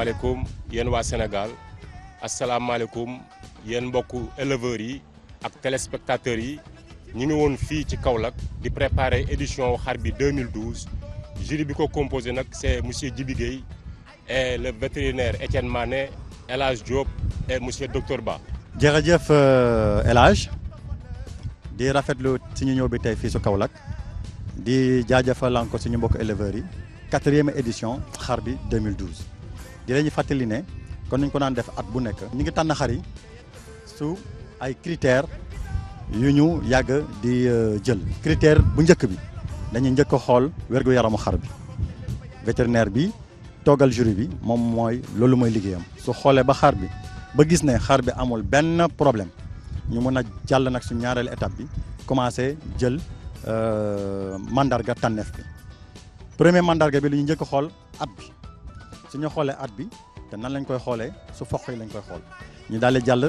asalaamaaleykum yéen waa Sénégal asalaamaaleykum yen mbokku éleveurs yi ak téléspectateurs yi ñu ngi woon fii ci Kaolack di préparer édition xar bi 2012 jury bi ko composé nag c'est monsieur Djibi Gueye et le vétérinaire Étienne Mané élage Hadj Diop et monsieur docteur Ba. jërëjëf euh, El Hadj di rafetlu suñu ñëw bi tey fii su Kaolack di jaajëfal encore suñu mbokk éleveurs yi quatrième édition xar bi 2012. di leen fàttali ne kon ni ñu ko daan def at bu nekk. ñu ngi tànn xar yi su ay critères yu ñu yàgg di euh, jël. critère bu njëkk bi dañuy njëkk a xool wergu yaramu xar bi vétérinaire bi toogal jury bi moom mooy loolu mooy liggéeyam. su xoolee ba xar bi ba gis ne xar bi amul benn problème ñu mën a jàll nag su ñaareelu étape bi commencé jël euh, mandarga tànneef bi premier mandarga bi lu ñu njëkk a xool at bi. ñu xoolee at bi te nan lañ koy xoolee su foq yi lañ koy xool ñu daal di jàll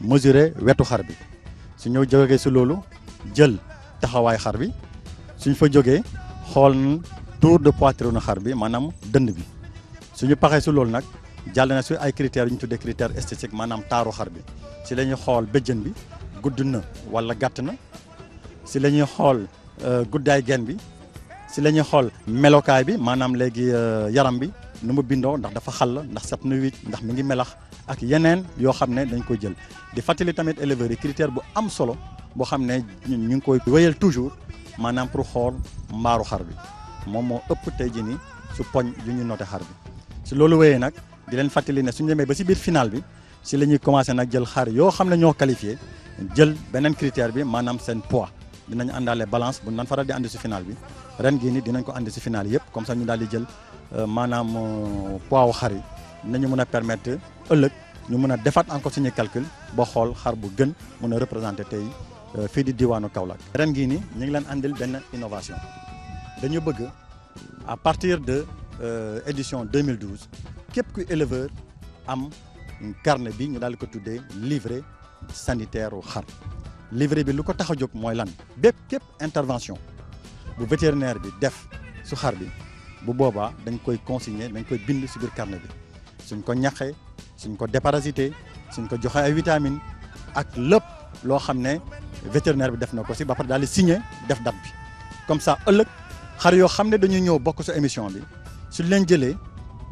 mesurer wetu xar bi su ñëw jógee si loolu jël taxawaay xar bi suñ fa jógee xool tour de poitrine xar bi maanaam dënd bi suñu paxee si loolu nag jàll na si ay critères yu ñu tuddee critère esthétique maanaam taaru xar bi si la ñuy xool béjjën bi gudd na wala gàtt na si la ñuy xool euh, guddaay gen bi si la ñuy xool melokaay bi maanaam léegi euh, yaram bi nu mu bindoo ndax dafa xàll ndax set na wicc ndax mi ngi melax ak yeneen yoo xam ne dañ ko jël di fàttali tamit éleveurs critère bu am solo boo xam ne ñu ngi koy wéyal toujours maanaam pour xool mbaaru xar bi moom moo ëpp tey jii nii su poñ yu ñu noté xar bi si loolu wéyee nag di leen fàttali ne suñu demee ba si biir final bi si la ñuy commencé nag jël xar yoo xam ne ñoo qualifié jël beneen critère bi maanaam seen poids dinañ àndaale balance bu nan faral si final bi ren gii nii dinañ ko àndi si final yëpp comme ça ñu daal di jël Euh, maanaam euh, poids wu xar yi nañu mën a permettre ëllëg ñu mën a defaat encore suñu calcul ba xool xar bu gën mën a représenter tey euh, fii di diwaanu Kaolack. ren gii nii ñu ngi leen andil benn innovation dañu bëgg à partir de édition 2012 képp kuy éleveur am carnet bi ñu daal ko tuddee livre sanitaire wu xar livre bi lu ko tax a jóg mooy lan bépp képp intervention bu vétérinaire bi def su xar bi. bu boobaa dañ koy consigner dañ koy bind si biir carnet bi suñ ko ñaxee suñ ko déparasité suñ ko joxe ay vitamines ak lépp loo xam ne vétérinaire bi def na ko si ba pare daal di signer def date bi comme ça ëllëg xar yoo xam ne dañuy ñëw bokk sa émission bi suñ leen jëlee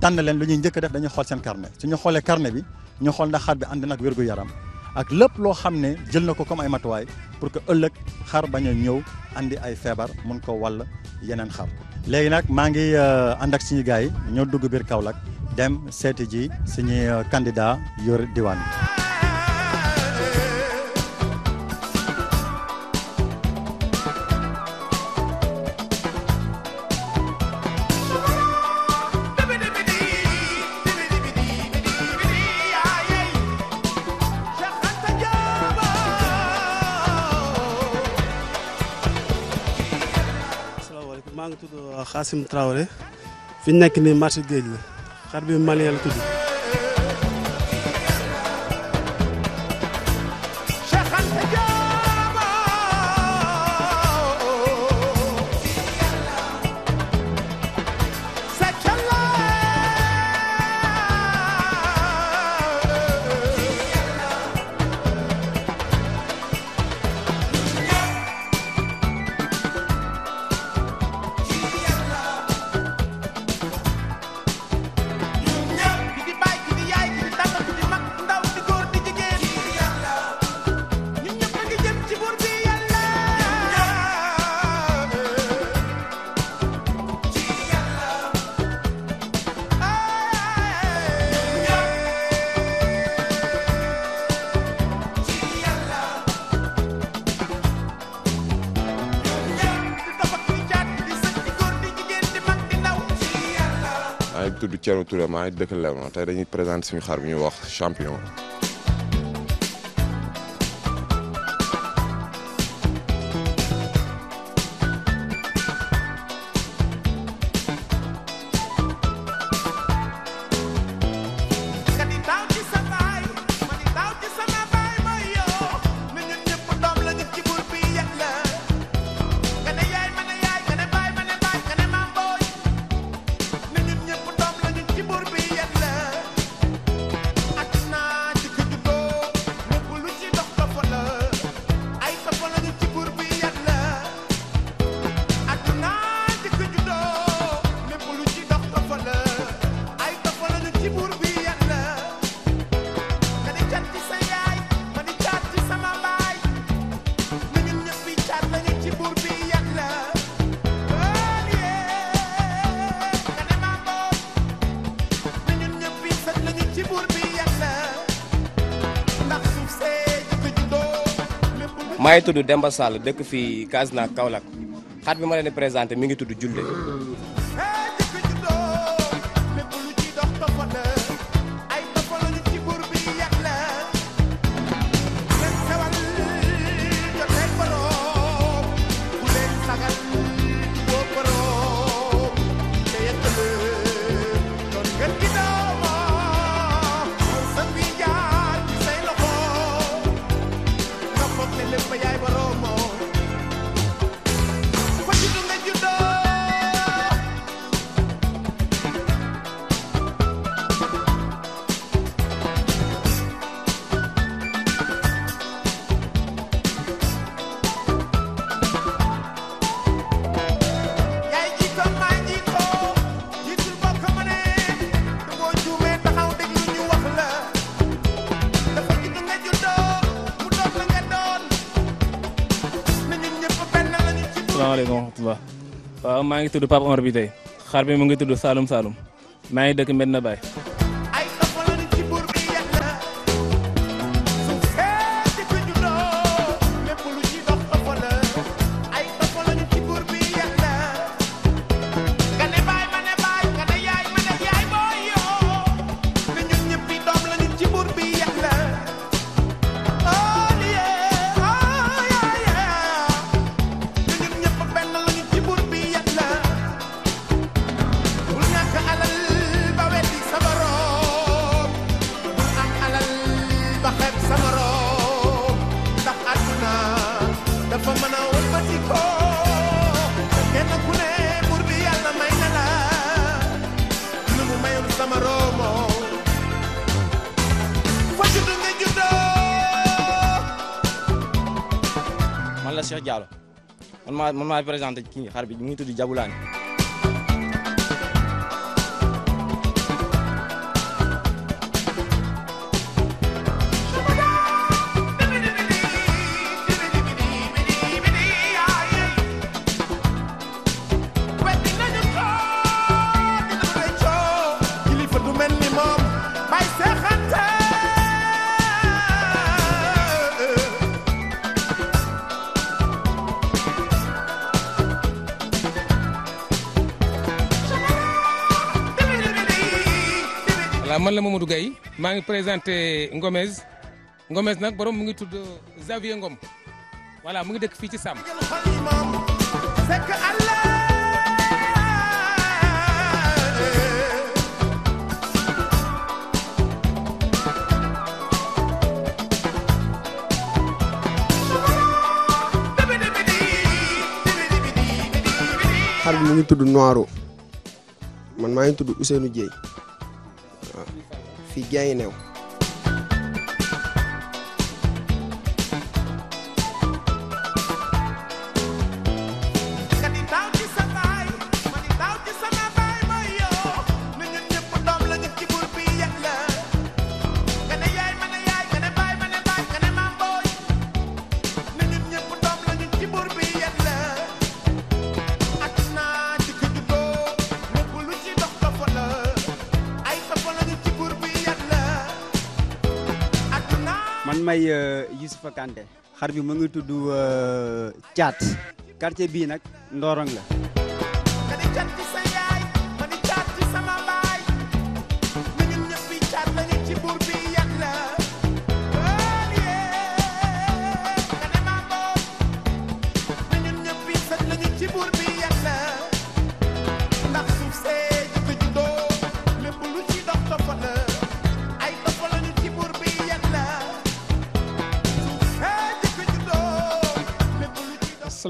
tànn leen lu ñuy njëkk a def dañuy xool seen carnet suñu xoolee carnet bi ñu xool ndax xar bi ànd nag wérgu yaram ak lépp loo xam ne jël na ko comme ay matuwaay pour que ëllëg xar bañ a ñëw andi ay feebar mun ko wàll yeneen xar léegi nag maa ngi euh, ànd ak suñu gars yi ñoo dugg biir Kaolack dem seeti ji suñuy euh, candidat yor diwaan Xaasim Traoré fi nekk nii marché géej la xar bi malien la tudd Thierno Touré maa ngi dëkk Léona tey dañuy présenter suñu xar bi ñuy wax champion. maa ngi tudd Demba Sall dëkk fii na Kaolack xar bi ma leen présenté mi ngi tudd Julde Ba waaw maa ngi tudd Pape Omar bi tey xar bi mu ngi tudd Saloum Saloum maa ngi dëkk Medina Baye la Cheikh Diallo man maa man maa présenté kii xar bi mu ngi tudd Jabulaani man la Mamadou Gaye maa ngi présenté Ngomez Ngomez nag borom mu ngi tudd Xavier Ngom voilà mu ngi dëkk fii ci Sàmm. xar bi mu ngi tudd Noiro man maa ngi tudd Ousseynou Dieye. fi gaay may euh, Youssoufa Kanté xar bi mu ngi tudd euh, Thiat quartier bii nag Ndorong la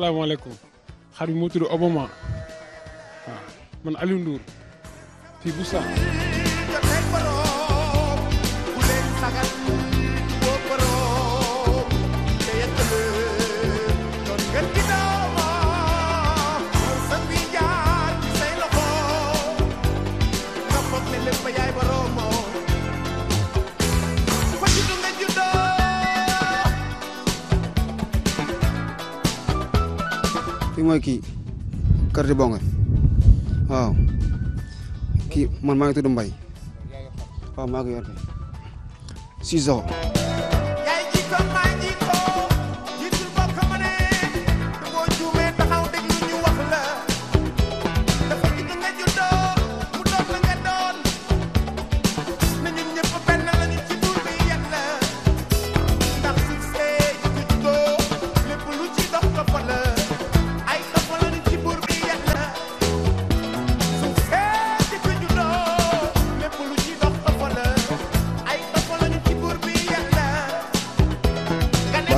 asalaamaaleykum xar bi moo tudd Obama waaw man Aliou Ndour fii bu sax mooy kii man maa ngi tudd Mbaye waaw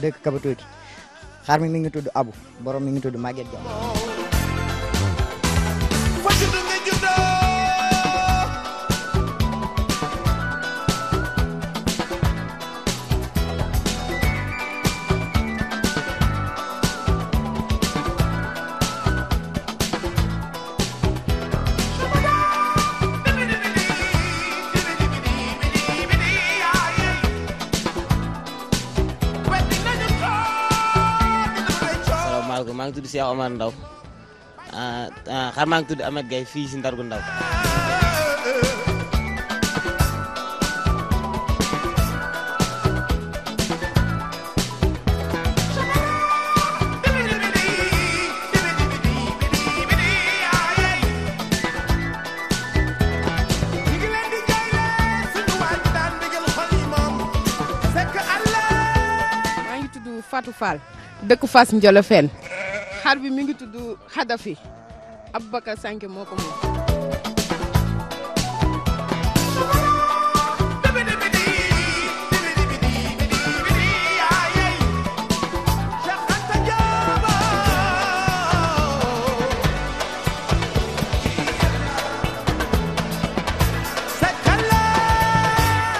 dëkk Kabatoki xar mi mi ngi tudd Abu borom mi ngi tudd Maguette Diaw maa ngi tudd Cheikh Omar Ndaw ah, ah, xar maa ngi tudd Ahmed Gaye fii si Ndargu Ndaw Fatou Fall dëkk Fass Ndiolofène xar bi mi ngi tudd Xadafi Aboubacar Sanke moo ko moom.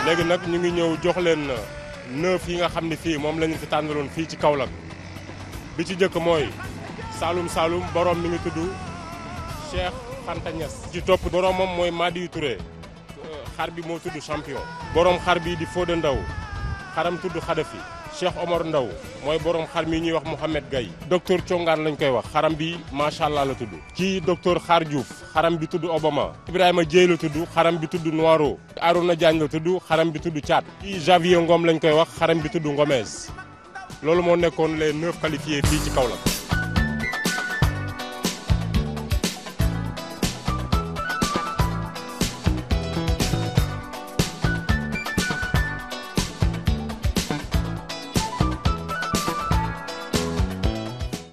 léegi nag ñu ngi ñëw joxleen leen neuf nga xam ne fii moom la ñu fi fii ci Kaolack bi ci njëkk mooy. Saalum Saalum borom mi ngi tudd Cheikh Fanta Niass ci topp boromam mooy Madiou Touré xar bi moo tudd champion. borom xar bi di Fodé Ndaw xaram tudd Xadafi Cheikh Omar Ndaw mooy borom xar mi ñuy wax Mouhamed Gaye docteur Congaan lañ koy wax xaram bi macha allah la tudd. ci docteur Xaar Diouf xaram bi tudd Obama. Ibrahima Dieye la tudd xaram bi tudd Noiro. Arouna Diagne la tudd xaram bi tudd Thiat. ci Javier Ngom lañ koy wax xaram bi tudd Ngomez loolu moo nekkoon les neuf fii ci Kaolack.